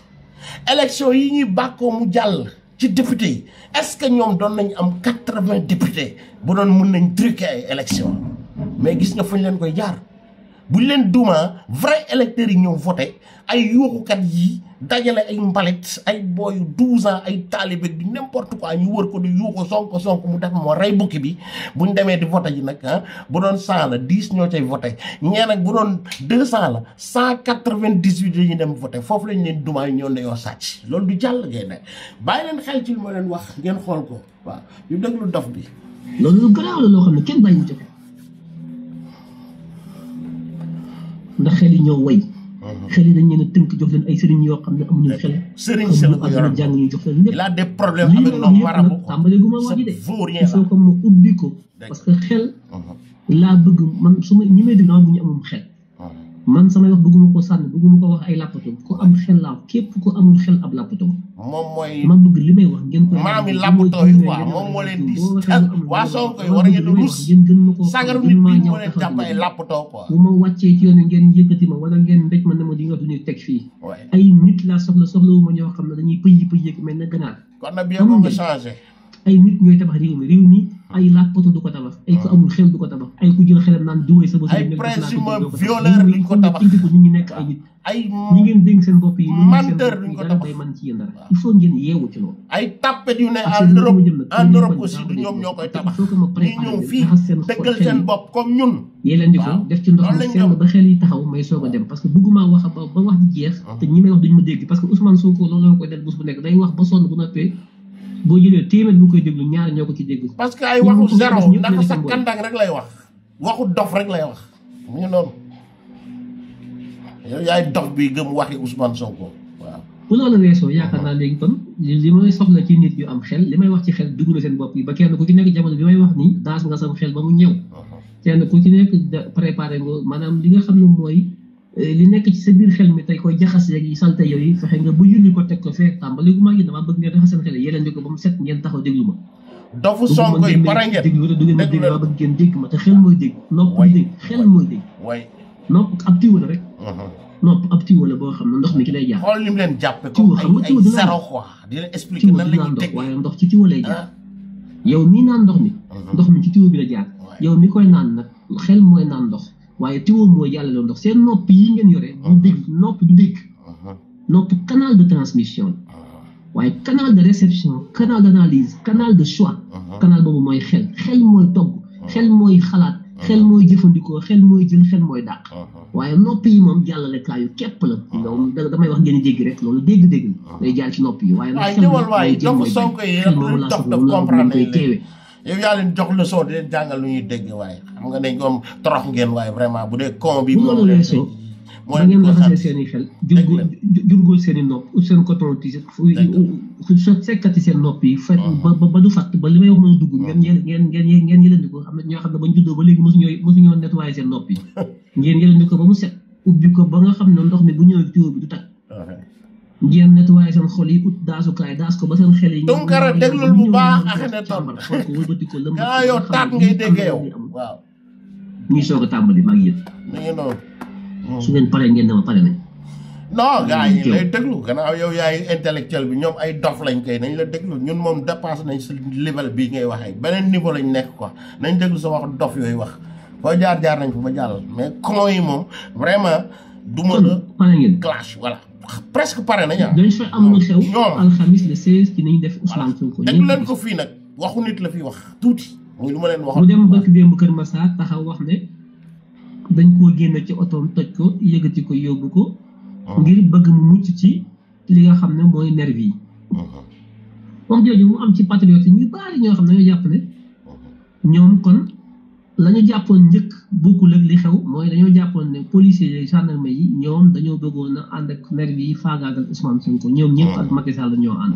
élection yi ñuy bàkkoo mu jàll ci député yi est que ñoom doon nañ am quatre-vingts députés bu doon mun nañ truquer ay élection mais gis nga fu ñu leen koy jaar bu buñ leen dumaa vrai électeurs yi ñëw voté ay yuuxukat yi dajale ay mbalit ay booyu 12 ans ay taalibe du n'importe quoi ñu wër ko di yuuxu sonk sonk mu def moo rey bukki bi bu ñu demee di voté ji nag ah bu doon 100 la 10 ñoo cay voté ñee nag bu doon 200 la 198 la ñu dem voté foofu lañ leen dumaa ñoo ne yoo sàcc loolu du jàll ngay nag bàyyi leen xel ci li ma leen wax ngeen xool ko waa ñu déglu dof bi loolu lu garaaw la loo ndax xel yi ñoo way mhm. xel yi nañ leen a tënk jox leen ay sëriñ yoo xam ne amuñu eh, xel. sëriñ seen ko yaram jàng ñu jox leen lépp. il a des problèmes avec nos marabouts ça vaut rien ubbi ko parce que xel mhm. laa bëgg man su ma ñi may déglu ñu amum xel. man samay wax bëgguma ko sànni bëgguma ko wax ay làppatoo ko am xel laa képp ku amul xel ab làppatoo. moom mooy man li may wax ngeen koy. maam yi làppatoo yi quoi moom moo leen di. waa Sonko yi ko ngeen di rus sagaru nit bi moo leen jàpp ay làppatoo quoi. bu ma wàccee ci yoon ngeen yëkkati ma wala ngeen mbéj ma ne ma di nga duñu teg fii. ay nit laa soxla soxla wu ma ñëw xam ne dañuy pëy pëy yëg mel na ganaar. kon nag bi yow nga changé. ay nit ñooy tabax réew mi réew ay làkkoto du ko tabax. ay ku amul xel du ko jël xelam naan duwee sama. ay présumé violeur man ci yéen dara. il ne ko def ci ndox mi ba wax ba wax di jeex. te ñi may dégg parce que Ousmane Sonko loolu la koy def bés bu nekk day wax ba sonn bu noppee bo jëlé témet bu koy déglu ñaar ñoko ci déglu. parce que ay waxu zéro ndax sa kandang rek lay wax waxu dof rek lay wax ñu non yow yaay dof bi gëm waxi Ousmane Sonko waaw. bu loolu weesoo yaakaar naa léegi kon li may soxla ci nit yu am xel li may wax ci xel duggu na seen bopp yi ba kenn ku ci nekk jamono bi may wax ni daas nga sam xel ba mu ñew kenn ku ci nekk préparé nga manam li nga xam moy li nekk ci sa biir xel mi tey koy jaxase ak yi salte yooyu fexe nga ba yulli ko teg ko fee tàmbali gu mag yi dama bëgg ngeen defal seen xel yeneen ko ba mu set ngeen taxaw déglu ma dofu sonko yi pare ngeen déglu du ngeen ma dégg dama bëgg ngeen dégg ma te xel mooy dégg nopp mooy dégg xel mooy dégg way nopp ab tiwo la rek nopp ab tiwo la boo xam ne ndox mi ki lay jaar xool lim leen jàppe ko xam nga tiwo dina saro quoi di leen expliquer nan lañu teg waaye ndox ci tiwo lay jaar yow mi naan ndox mi ndox mi ci tiwo bi la jaar yow mi koy naan nag xel mooy naan ndox waaye teewoo mooy yàlla loolu ndox seen nopp yi ngeen yore. du ah. dégg nopp du dégg. nopp canal de transmission. Ah. waaye canal de réception canal d' analyse canal de choix. canal boobu mooy xel xel mooy togg. Ah. xel mooy xalaat. xel mooy jëfandikoo xel mooy jël xel mooy dàq. waaye nopp yi moom jàllale kaayu képp la. donc damay wax ngeen dégg rek loolu dégg-dégg la. day ci nopp yi waaye. waaye ñëwal waaye donc soo koy yow yaa leen jox leçon di leen jàngal lu ñuy dégg waaye xam nga ne ñoom torox ngeen waaye bu dee con bi. moom leen soo moo leen ko sant seen i xel. dëgg la jurgóol seen i nopp seen coton ti seen. sekkati seen nopp yi. fet ah. ba ba du fàtt ba li may wax noonu dugg. ngeen ngeen ngeen ngeen yëlandi ko xam ne xam ne bañ juddoo ba léegi mosu ñoo mosu ñoo nettoyé seen nopp ngeen yëlandi ko ba mu set ubbi ko ba nga xam ne ndox mi bu ñëwee tuyoo bi du tag ngeen nettoyé seen xol yi ut ko ba seen xel yi. Tounkara déglul bu baax ak ne tontu ah ngay déggee yow waaw. ñuy a tàmbali maa ngi yëg. su ngeen paree ngeen dama pare nañ. non gars yi lay déglu gannaaw yow yaay intellectuel bi ñoom ay dof lañ koy nañ la déglu ñun moom dépassé nañ si level bii ngay waxee beneen niveau lañ nekk ko nañ déglu sa wax dof yooyu wax foo jaar jaar nañ fa ba jàll mais con yi moom vraiment. du ma la clash voilà. presque pare nañu dañ fa am lu xew. al khamis le 16 ki nañ def Ousmane Sonko. déglu leen ko fi nak waxu nit la fi wax touti muy luma leen waxoon mu dem bëkk démb Kër massa taxaw wax ne dañ ko génn ci auto tocc ko yëgëti ko yobbu ah. ko. ngir bëgg mu mucc ci li nga xam moy mooy nervi yi. Uh-huh. wax jooju mu am ci patriote ñu bari ño xam ne ñoo jàpp ne uh-huh. ñoom kon. la ñu jàppoon njëkk bokkul ak li xew mooy dañoo jàppoon ne policiers yi gendarme yi ñoom dañoo bëggoon a ànd ak nerf yi faagaagal Ousmane Sonko ñoom ñëpp ak mm. Macky Sall dañoo ànd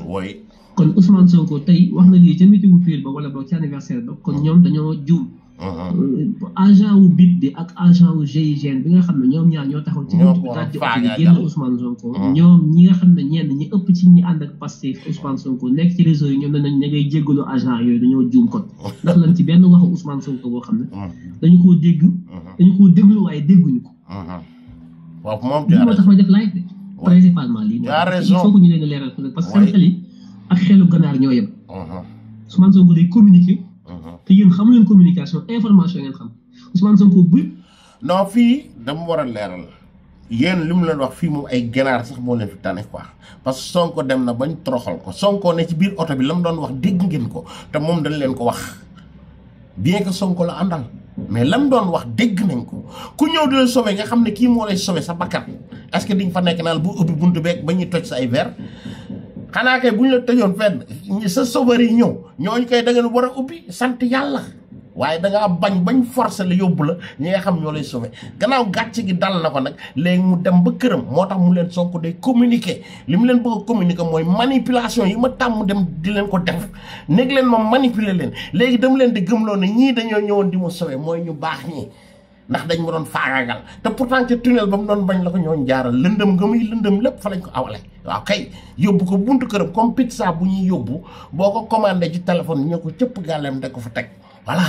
kon Ousmane Sonko tey wax na lii ca meeting fiir ba wala boog ci anniversaire ba kon ñoom dañoo juum Euh, agent wu bit bi ak agent wu GIGN bi nga xam ne ñoom ñaar ñoo taxaw ci buntu bi génn Ousmane Sonko ah. ñoom ñi nga xam ne ñenn ñi ëpp ci ñi ànd ak Pastef Ousmane Sonko nekk ci réseau yi ñoom ne nañ ne ngay jéggalu agent yooyu dañoo juum kon ndax lan ci benn waxu Ousmane Sonko boo xam ne ah. dañu koo dégg ah. dañu koo déglu waaye dégguñu ko waaw moom moo tax ma def laaj de principalement lii il faut que ñu leen leeral parce que seen xel yi ak xelu ganaar ñoo yem Ousmane Sonko day communiquer te yéen xamu leen communication information ngeen xam Ousmane Sonko bu. non fii dama war a leeral yéen li leen wax fii moom ay ganaar sax moo leen fi tane quoi parce que Sonko dem na bañ troxal ko Sonko ne ci biir oto bi lam doon wax dégg ngeen ko te moom dañ leen ko wax bien que Sonko la àndal mais lam doon wax dégg nañ ko ku ñëw di la sauver nga xam ne kii moo lay sauver sa bakkat est-ce que diñ fa nekk naal bu ubbi buntu beeg ba ñuy toj sa ay verre. xanaa kay bu ñu la tëjoon fenn sa sauveur yi ñëw ñooñu kay da ngeen war a ubbi sant yàlla waaye da ngaa bañ bañ forcé la yóbbula la ñi nga xam ñoo lay sauvé gannaaw gàcce gi dal na ko nag léegi mu dem ba këram moo tax mu leen soog ko day communiqué li mu leen bëgg a communiqué mooy manipulation yi ma tàmm dem di leen ko def néeg leen ma manipuler leen léegi dama leen di gëmloon ne ñii dañoo ñëwoon di ma sauvé mooy ñu baax ñi ndax dañ ma doon faagaagal te pourtant ca tunnel ba mu doon bañ la ko ñooñ jaaral lëndëm nga muy lëndëm lépp fa lañ ko awale waaw kay yóbbu ko buntu këram comme pizza bu ñuy yóbbu boo ko commandé ci téléphone ñoo ko cëpp gàllam da ko fa teg voilà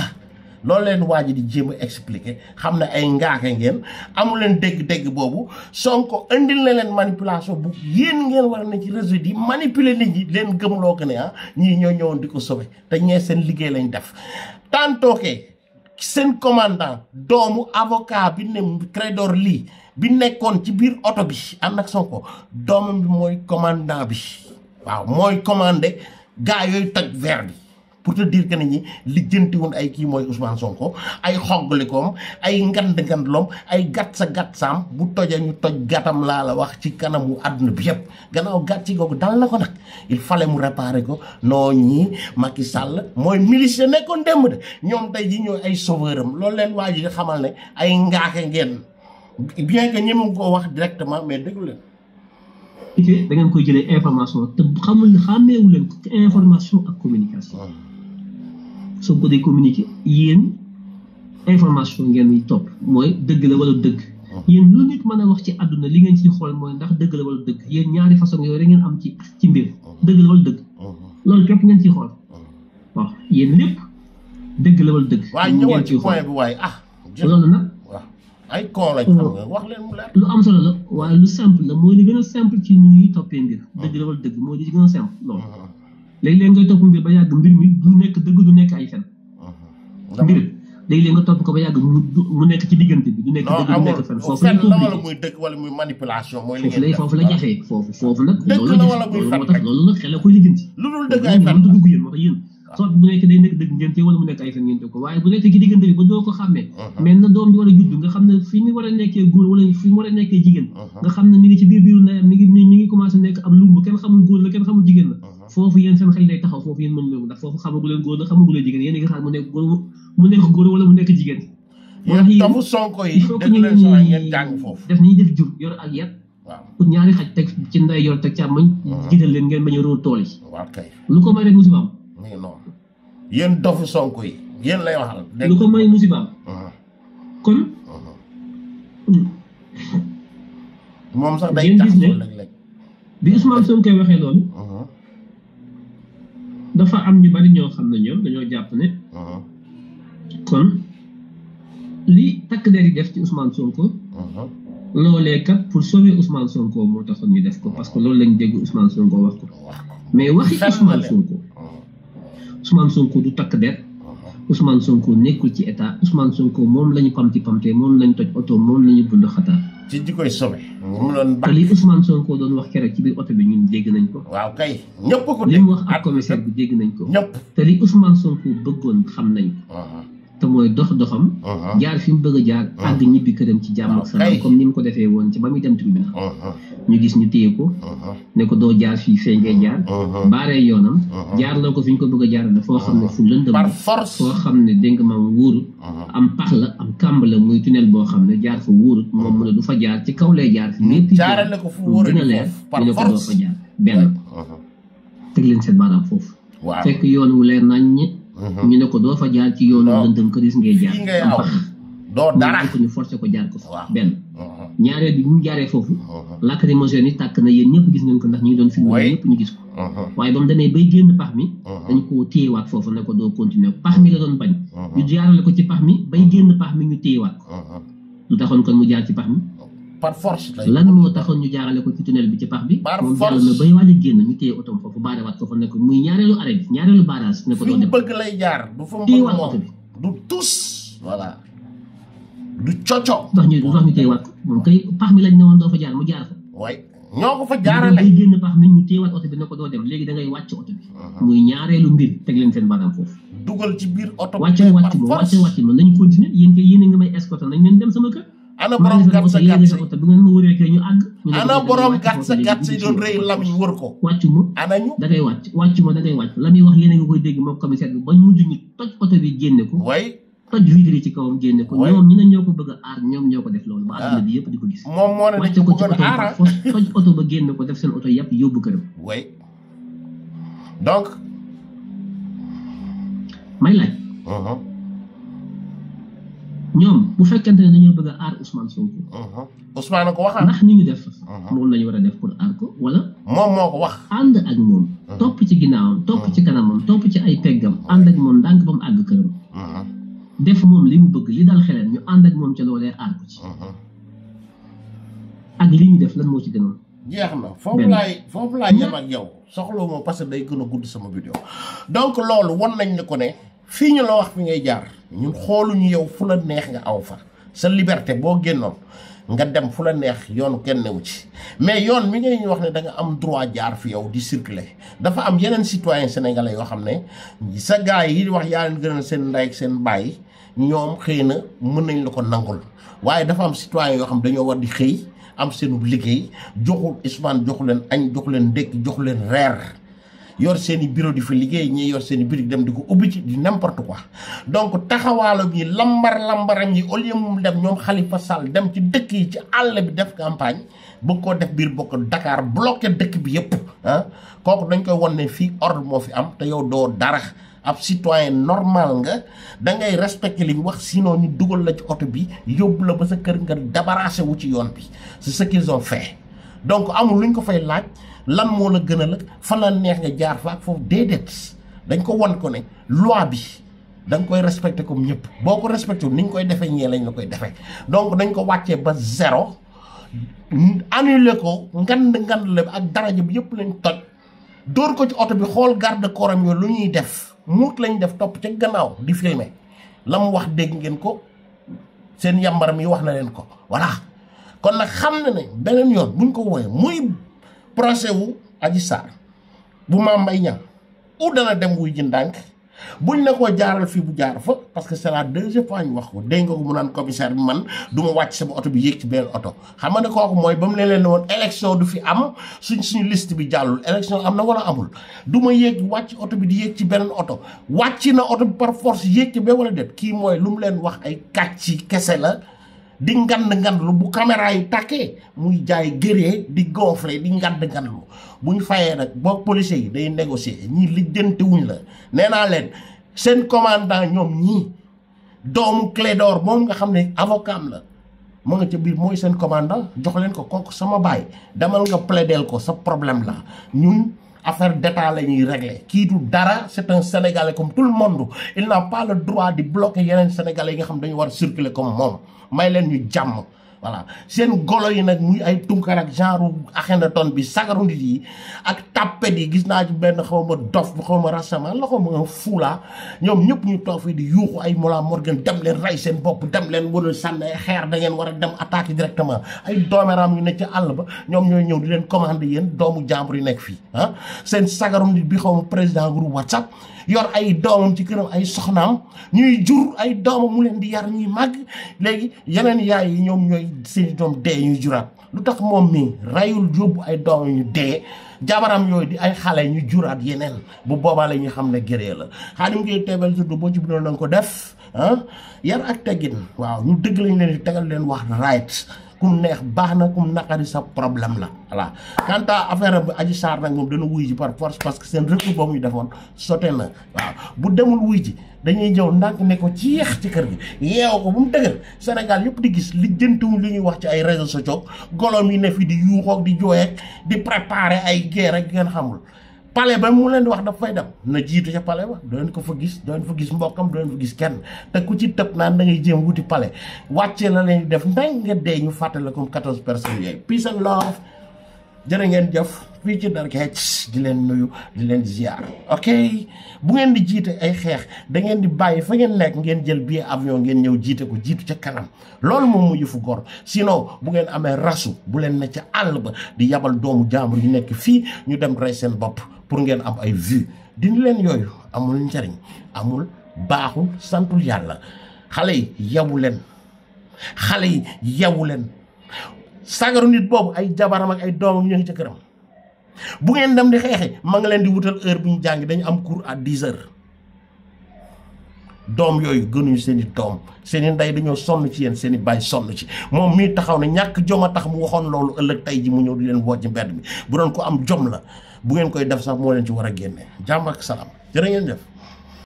loolu leen waa ji di jéem a expliqué xam ne ay ngaake ngeen amu leen dégg-dégg boobu Sonko indil na leen manipulation bu yéen ngeen war na ci réseau di manipuler nit ñi leen gëmloo ko ne ah ñii ñoo ñëwoon di ko sauver te ñee seen liggéey lañ def tantôt ke seen commandant doomu avocat bi ne Clédor Ly bi nekkoon ci biir oto bi ànd ak Sonko doomam bi mooy commandant bi waaw mooy commandé gaa yooyu toj verre bi pour te diir que nit ñi lijjantiwun ay kii mooy Ousmane ko ay xoggalikoom ay ngand ngandloom ay gat sa gat saam bu tojee ñu toj gàttam laa la wax ci kanamu àdduna bi yëpp gannaaw gàtt ci googu dal na ko nag il fallait mu réparer ko noo ñii Macky Sall mooy milice nekkoon démb de ñoom tey ji ñooy ay sauveur am loolu leen waa ji nga xamal ne ay ngaake ngeen bien que ñemewuñ koo wax directement mais déglu leen. da ngeen koy jëlee information te xamul xàmmeewu leen information ak communication. Hmm. soo Sonko day communiqué yéen information ngeen yi topp mooy dëgg la wala dëgg. Ah. yéen lu nit mën a wax ci àdduna li ngeen ci xool mooy ndax dëgg la wala dëgg yéen ñaari façon yooyu rek ngeen am ci ci ah. dëgg la dëgg. Ah. loolu képp ngeen ciy xool waaw yéen lépp dëgg la wala dëgg. waaye ñëwal loolu nag. ay koo lu am solo la waaye lu simple la mooy li gën a simple ci ñuy toppee mbir. dëgg la wala dëgg mooy li gën a simple loolu. léeg-léeg ngay topp mbir ba yàgg mbir mi du nekk ay fen mhm. mbir léeg-léeg nga topp mu nekk ci diggante bi du nekk dëgg du nekk fen foofu la foofu la foofu la jafe loolu moo tax loolu la xel a koy lijjanti lu dul dëgg ay ah. day nekk dëgg ngeen tey mu nekk ay fen ngeen nekk ci diggante mhm. a judd nga xam ne fi mu war nekkee góor wala fi mu war a nekkee jigéen mhm. nga ngi ci biir biiru ndeyam mi ngi mi ngi commencé nekk am lumb kenn xamul góor kenn xamul jigéen la foofu yéen seen xel day taxaw foofu yéen mën leen ndax foofu xamagu leen góor la xamagu jigéen yéen a ngi xaar mu nekk góor mu nekk góor mu nekk jigéen. yéen tamu sonko yi def leen soo ngeen jàng foofu def ni def jur yor ak yar. waaw ñaari xaj teg ci nday yor teg càmmoñ. jiital leen ngeen bañ a róor tool yi. waaw lu ko may rek musibaam. mi ngi noonu yéen dofu sonko yi yéen lay waxal. lu ko may musibaam. Uh-huh. kon. Uh-huh. moom sax day tax léeg-léeg bi Ousmane Sonko waxee loolu dafa am ñu bari ñoo xam ne ñoom dañoo jàpp ne. Uh-huh. kon li takk der yi def ci Ousmane Sonko. Uh-huh. loolee kat pour sauver Ousmane Sonko moo taxoon ñu def ko parce que loolu lañ dégg Ousmane Sonko wax ko mais waxi Ousmane Sonko. Uh-huh. Sonko du takk der. Ousmane Sonko nekkul ci état Ousmane Sonko moom la ñu pamti pamtee moom la toj oto moom la ñu bund xataar. ci ji koy sobe. mu doon baax te li Ousmane doon wax keroog ci biir oto bi ñun dégg nañ ko. waaw kay ñëpp ko dégg li mu wax ak commissaire bi dégg nañ ko. ñëpp te li Ousmane Sonko bëggoon xam nañ ko. te mooy dox doxam. Uh-huh. jaar fi mu bëgg jaar. Uh-huh. àgg ñibbi këram ci jàmm ak uh-huh. salaam comme ni mu ko defee woon ci ba muy dem tribunal. ñu gis ñu téye ko. ne ko doo jaar fii fee ngay jaar. baaree yoonam. jaar loo ko fi ko bëgg a jaar foo xam ne fu lëndëm. xam ne dégg nga maam wóorut. am pax la am kàmb muy tunnel boo xam ne jaar fa wóorut moom mu ne du fa jaar ci kaw lay jaar. lépp jaarale ko fu wóorut dina leer dina ko doo fa jaar benn. teg leen seen baaraam foofu. fekk yoon wu leer nañ Mm-hmm. ñu ne ko doo fa jaar ci yoonu lëndëm këris ngay jaar doo dara ko ñu forcé ko jaar ko fa benn mm-hmm. ñaareel bi ñu jaaree foofu mm-hmm. lacrymogène yi tàkk na yéen ñëpp gis ngeen ko ndax ñu ngi doon filmé ñëpp ñu gis ko waaye ba mu demee bay génn pax mi dañ ko téyewaat foofu ne ko doo continuer pax mi la doon bañ ñu ko ci pax mi bay génn pax mi ñu téyewaat ko lu taxoon kon mu jaar ci pax mi par force lay lan mo taxone ñu jaarale ko ci tunnel bi ci pax bi par force na bay waja genn ñu téy auto fofu baare wat ko fa muy ñaareelu arrêt bi ñaareelu barrage do dem bëgg lay jaar du fa mbëgg du tous voilà du ciocio ndax ñu ndax ñu téy wat mom kay pax mi lañ neewon do fa jaar mu jaar fa way ñoko fa jaarale day genn pax mi ñu téy wat auto bi do dem légui da ngay wacc auto bi uh-huh. muy mbir tek leen seen bagam fofu ci auto wacc wacc wacc wacc nañ continuer yeen yeen nga may nañ leen dem sama kër ana borom gàtt sa gàtt ana borom gàtt sa gàtt yi doon rëy lamiñ wër ko. wàccu ma ana ñu da ngay wàcc wàccu da ngay la muy wax yéen a ngi koy dégg moom commissaire bi ba mujj ñu toj oto bi génne ko. way toj vitre yi ci kawam génne ko. waay ñoom ñu ne ñoo ko bëgg a aar ñoom ñoo ko def loolu. ba adduna ah. bi yëpp di ko gis. moom moo ne dañu ko bëgg a aar wàcce ko ci oto ba ah. toj oto ba génne ko def seen oto yàpp yóbbu këram. way donc. may laaj. Uh-huh. ñoom bu fekkente ne dañoo bëgg a aar Ousmane Sonko. Ousmane ko waxal ndax ñu ngi def. loolu la ñu war a def pour aar ko wala. moom moo ko wax. ànd ak moom. topp ci ginnaawam topp ci kanamam topp ci ay peggam ànd mhm. ak moom ndànk ba mu àgg këram. Mhm. def moom li mu bëgg li dal xelam ñu ànd ak moom ca loolee aar ko ci. Mhm. ak li ñu def lan moo ci gënoon. jeex na foofu laay foofu laay yem ak yow soxla moo parce que day gën a gudd sama vidéo donc loolu won nañ ne ko ne fii ñu la wax fi ngay jaar. ñun xooluñu yow fu la neex nga aw fa sa liberté boo génnoon nga dem fu la neex yoonu kenn newu ci mais yoon mi ngeen ñu wax ne da am droit jaar fi yow di circuler dafa am yeneen citoyen sénégalais yoo xam ne sa gaay yi di wax yaa leen gënal seen ndey ak seen bàyyi ñoom xëy na mën nañ la ko nangul waaye dafa am citoyen yoo xam dañoo war di xëy am seenu liggéey joxul Ousmane joxu leen añ joxu leen ndékk joxu leen reer yor seni i bureau di fa liggéey ñi yor seni i di dem di ko ubbi ci di n'importe quoi donc taxawaalo bi lambar lambaram yi au lieu mu dem ñoom xalifa sall dem ci dëkk yi ci àll bi def campagne boko def bir bokk dakar bloqué dëkk bi yep ah kooku dañ koy won ne ordre mo fi am te yow do dara ab citoyen normal nga da ngay respecter li wax sino ñu duggal la ci auto bi yóbbu la ba sa kër nga débarrasser wu ci yoon bi c'est ce qu'ils ont fait donc amul luñ ko fay laaj lan moo la gën nag fan la neex nga jaar faak foofu déedéet dañ ko wan ko ne loi bi da koy respecté comme ñëpp boo ko respecté ni ñu koy defee ñee lañ la koy defee donc dañ ko wàccee ba zéro annulé ko ngand ngand la ak daraja bi yëpp lañ toj dóor ko ci oto bi xool garde corps am yooyu lu ñuy def muut lañ def topp ca gannaaw di filmer la mu wax dégg ngeen ko seen yambaram yi wax na leen ko voilà kon nag xam na ne beneen yoon buñ ko woowee muy procès wu Adji Sarr bu Mame Mbaye Niang ou dana dem wuy jëndànk bu buñ ne koo jaaral fii bu jaar fa parce que c'est la deuxième fois ñu wax ko dégg nga ko mu naan commissaire bi man du wàcc sama oto bi yéeg ci oto xam nga ne kooku mooy ba mu ne leen woon élection du fi am suñ suñu liste bi jàllul élection am na wala amul du ma yéeg wàcc oto bi di yéeg ci beneen oto wàcc na oto bi par force yéeg ci benn wala déet kii mooy lu mu leen wax ay kàcc ci kese la di ngand ngandlu bu caméra yi tàkkee muy jaay gëree di gonfler di ngand ngandlu bu ñu fayee nag boog policier yi day négocier ñii lijjanti wuñ la nee naa leen seen commandant ñoom ñii doomu Clédor moom nga xam ne avocat am la moo nga ca biir mooy seen commandant jox leen ko kooku sama baay demal nga plaider ko sa problème la ñun affaire d'état la réglé. régler du dara c'est un sénégalais comme tout le monde il n'a pas le droit de bloquer un sénégalais qui nga circuler comme moi. Mais may est ñu jambe. voilà seen golo yi nag muy ay tunkar ak na ton bi sagaru nit yi ak tàppet yi gis naa ci benn xaw ma dof bu xaw ma rassemblement la xaw ma fuula ñoom ñëpp ñu toog fii di yuuxu ay Mollah Morgun dem leen ray seen bopp dem leen wala sànni xeer da ngeen war a dem attaquer directement ay doomeram yu nekk ca àll ba ñoom ñooy ñëw di leen commander yéen doomu jàmbur yi nekk fii ah seen sagaru nit bi xaw ma président groupe WhatsApp yor ay doomam ci këram ay soxnaam ñuy jur ay doomam mu leen di yar ñuy màgg léegi yeneen yaay yi ñoom ñooy si doom dee ñuy juraat lu tax moom mi rayul yóbbu ay doomam ñu dee jabaram yooyu di ay xale ñu juraat yeneen bu boobaa la ñuy xam ne géree la Khadim Gueye Tébel Sirdu boo ci bindoon na nga ko def ah yar ak teggin waaw ñu dëgg lañ leen tegal leen wax right kum neex baax na kum naqari sa problème la voilà quant à affaire bi Adji Sarr nag moom dana wuy ji par force parce que seen recours boobu ñu defoon sote na waaw bu demul wuy ji dañuy jëw ndànk ne ko ci yeex ci kër gi yeew ko bu mu dëgër Sénégal yëpp di gis li jëntuñ li ñuy wax ci ay réseaux sociaux goloom yi ne fi di yuuxoog di jooyeeg di préparer ay guerre ak ngeen xamul palais ba mu leen wax da fay dem na jitu ci palais ba doon ko fa gis doon fa gis mbokam doon fa gis kenn te ku ci tepp naan da ngay jëm wuti palais wacce la leen def ndang nga de ñu fàttale ko 14 personnes yooyu peace and love jere ngeen jëf fi ci Dark Hedge di leen nuyu di leen ziar ok bu ngeen di jité ay xex da ngeen di bayyi fa ngeen nekk ngeen jël billet avion ngeen ñew jité ko jitu ci kanam lool mo mu yufu gor sino bu ngeen amé rasu bu leen ne ci alba di yabal doomu jaambur ñu nekk fi ñu dem ray seen bop pour ngeen am ay vues dindi leen yooyu amul njariñ amul baaxul santul yàlla xale yi yawu leen xale yi yawu leen sagaru nit boobu ay jabaram ak ay doomam ñu ca këram bu ngeen dem di xeexi ma nga di wutal heure bu ñu jàng dañu am cours à dix heures doom yooyu gënuñu seen i doom seen i ndey dañoo sonn ci yéen seen i baay sonn ci moom mii taxaw na ñàkk jom a tax mu waxoon loolu ëllëg tey ji mu ñëw di leen woo ci mbedd bi bu doon ko am jom la bu ngeen koy def sax moo leen ci war a génne jàmm ak salaam jërë ngeen def